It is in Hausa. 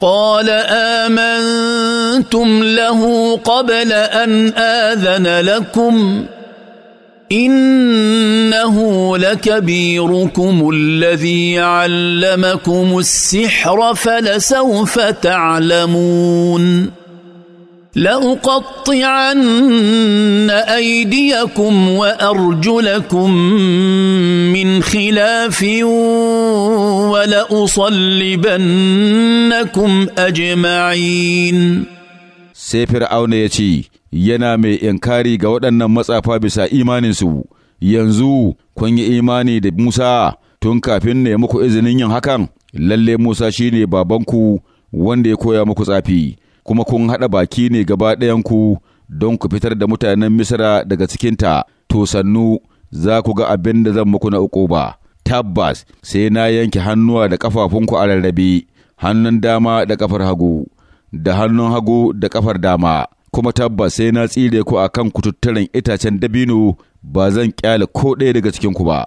قال امنتم له قبل ان اذن لكم انه لكبيركم الذي علمكم السحر فلسوف تعلمون لاقطعن ايديكم وارجلكم من خلاف ولأصلبنكم أجمعين sai fir'auna ya ce yana mai inkari ga waɗannan matsafa bisa imaninsu yanzu kun yi imani da Musa tun kafin ne muku izinin yin hakan lallai Musa shine babanku wanda ya koya muku tsafi kuma kun haɗa baki ne gaba ku don ku fitar da mutanen Misira daga cikinta to sannu za ku ga abin da zan muku na uku ba, tabbas sai na yanke hannuwa da ƙafafunku a rarrabe, hannun dama da ƙafar hagu, da hannun hagu da ƙafar dama, kuma tabbas sai na tsire ku a kan kututturen itacen dabino ba zan ƙyale ko ɗaya daga cikinku ba.